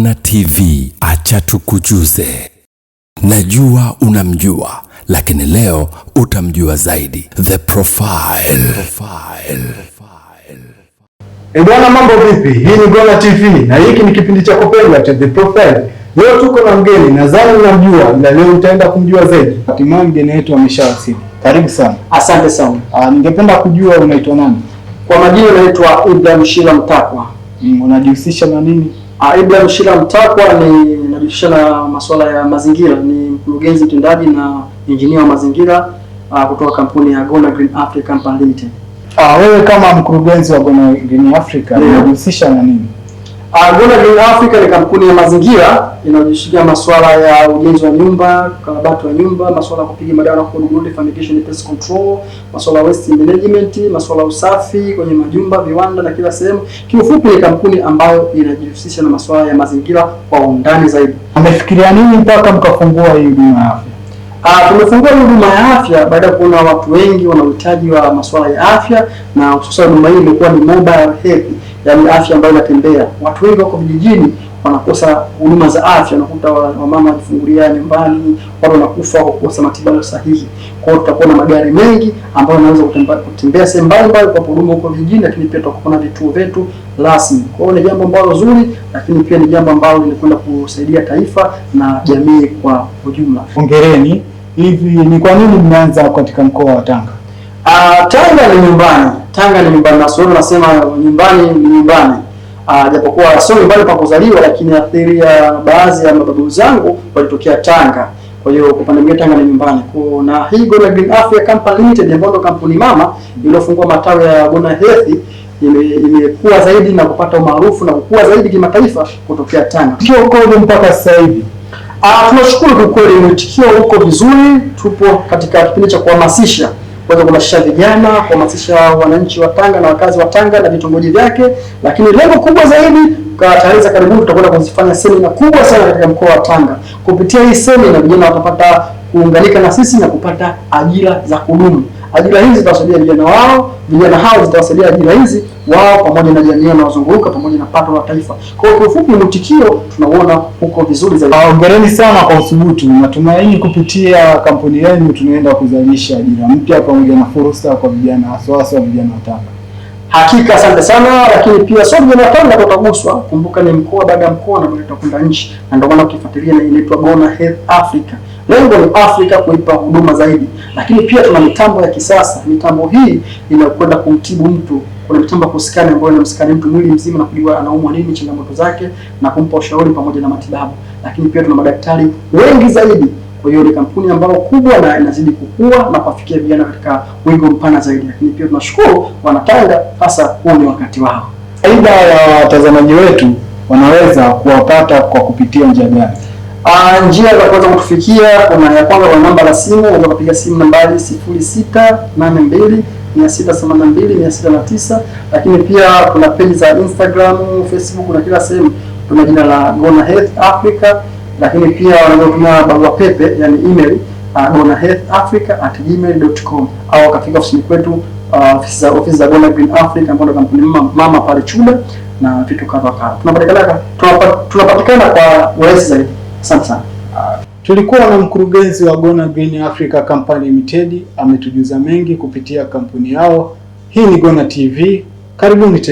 Ona TV, acha tukujuze. Najua unamjua lakini leo utamjua zaidi. The Profile. Profile. E bwana, mambo vipi? Hii ni Gona TV na hiki ni kipindi cha kupenda cha The Profile. Leo tuko na mgeni, nadhani unamjua, na leo utaenda kumjua zaidi. Hatimaye mgeni wetu ameshawasili. Karibu sana. Asante sana. Ah, ningependa kujua unaitwa nani? Kwa majina naitwa Ibrahim Shila Mtakwa. Mm, unajihusisha na nini? Ah, Ibrahim Shila Mtakwa ni najihusisha na masuala ya mazingira, ni mkurugenzi mtendaji na injinia wa mazingira uh, kutoka kampuni ya Gona Green Africa Company Limited. Ah, wewe kama mkurugenzi wa Gona Green Africa unajihusisha yeah, na nini? Agora ah, Green Africa ni kampuni ya mazingira inayojishughulisha masuala ya ujenzi wa nyumba, ukarabati wa nyumba, masuala ya kupiga madawa na kudurudude, fumigation, pest control, masuala ya waste management, masuala ya usafi kwenye majumba, viwanda na kila sehemu. Kiufupi ni kampuni ambayo inajihusisha na masuala ya mazingira kwa undani zaidi. Amefikiria nini mpaka mkafungua hii huduma ya afya? Ah, tumefungua huduma ya afya baada ya kuona watu wengi wanahitaji wa masuala ya afya na hususan huduma hii imekuwa ni mobile health yani afya ambayo inatembea. Watu wengi wako vijijini wanakosa huduma za afya, nakuta wamama wajifungulia nyumbani, watu wanakufa kwa kukosa matibabu sahihi. Kwa hiyo tutakuwa na magari mengi ambayo yanaweza kutembea, kutembea sehemu mbalimbali kwa huduma huko vijijini, lakini pia tutakuwa na vituo vyetu rasmi. Kwa hiyo ni jambo ambalo zuri, lakini pia ni jambo ambalo linakwenda kusaidia taifa na jamii kwa ujumla. Hongereni. Hivi ni kwa nini mnaanza katika mkoa wa Tanga? Uh, Tanga ni nyumbani, Tanga ni nyumbani. Waswahili wanasema nyumbani ni nyumbani. Uh, japokuwa sio nyumbani pa kuzaliwa, lakini athiri ya baadhi ya mababu zangu walitokea Tanga. Kwa hiyo kwa pande mwingine Tanga ni nyumbani. Kwa na hii Gonna Green Africa Company Limited ambayo ndio kampuni mama iliyofungua matawi ya Gonna Health imekuwa ime zaidi na kupata umaarufu na kukua zaidi kimataifa kutokea Tanga. Kio kodo mpaka sasa hivi. Ah, uh, tunashukuru kwa kweli mwitikio uko vizuri, tupo katika kipindi cha kuhamasisha kuweza kuhamasisha vijana, kuhamasisha wananchi wa Tanga na wakazi wa Tanga na vitongoji vyake, lakini lengo kubwa zaidi tarehe za karibuni tutakwenda kuzifanya semina kubwa sana katika mkoa wa Tanga. Kupitia hii semina, vijana watapata kuunganika na sisi na kupata ajira za kudumu. Ajira hizi zitawasaidia vijana wao, vijana hao zitawasaidia ajira hizi wao pamoja na jamii wanaozunguka pamoja na pato la taifa. Kwa hiyo kiufupi, mwitikio tunauona huko vizuri zaidi. Ah, hongereni sana kwa uthubutu. Natumaini kupitia kampuni yenu tunaenda kuzalisha ajira mpya pamoja na fursa kwa vijana, hasa hasa vijana wa Tanga. Hakika asante sana, lakini pia sio vijana wa Tanga tutaguswa. Kumbuka ni mkoa baada ya mkoa na tunakwenda nchi, na ndio maana ukifuatilia inaitwa Gona Health Africa. Lengo ni Afrika kuipa huduma zaidi, lakini pia tuna mitambo ya kisasa. Mitambo hii inakwenda kumtibu mtu. Kuna mitambo ya kusikani ambayo inamsikani mtu mwili mzima na kujua anaumwa nini, changamoto zake, na kumpa ushauri pamoja na matibabu. Lakini pia tuna madaktari wengi zaidi. Kwa hiyo ni kampuni ambayo kubwa na inazidi kukua na kuwafikia vijana katika wigo mpana zaidi, lakini pia tunashukuru Wanatanga, hasa huu ni wakati wao. Aidha ya watazamaji wetu wanaweza kuwapata kwa kupitia njia gani? Uh, njia za kuweza kutufikia kuna ya kwanza kwa namba la simu, unaweza kupiga simu nambari 0682 lakini pia kuna peji za Instagram, Facebook na kila sehemu tuna jina la Gona Health Africa, lakini pia unaweza kutuma barua pepe yani email uh, ah, gonahealthafrica@gmail.com au akafika ofisini kwetu ah, ofisi uh, za ofisi za Gona Green Africa ambayo kampuni mama mama pale Chule na vitu kadha kadha. Tunapatikana tunapatikana kwa urahisi zaidi. Asante sana. Tulikuwa na mkurugenzi wa Gona Green Africa Company Limited, ametujuza mengi kupitia kampuni yao. Hii ni Gona TV, karibuni tena.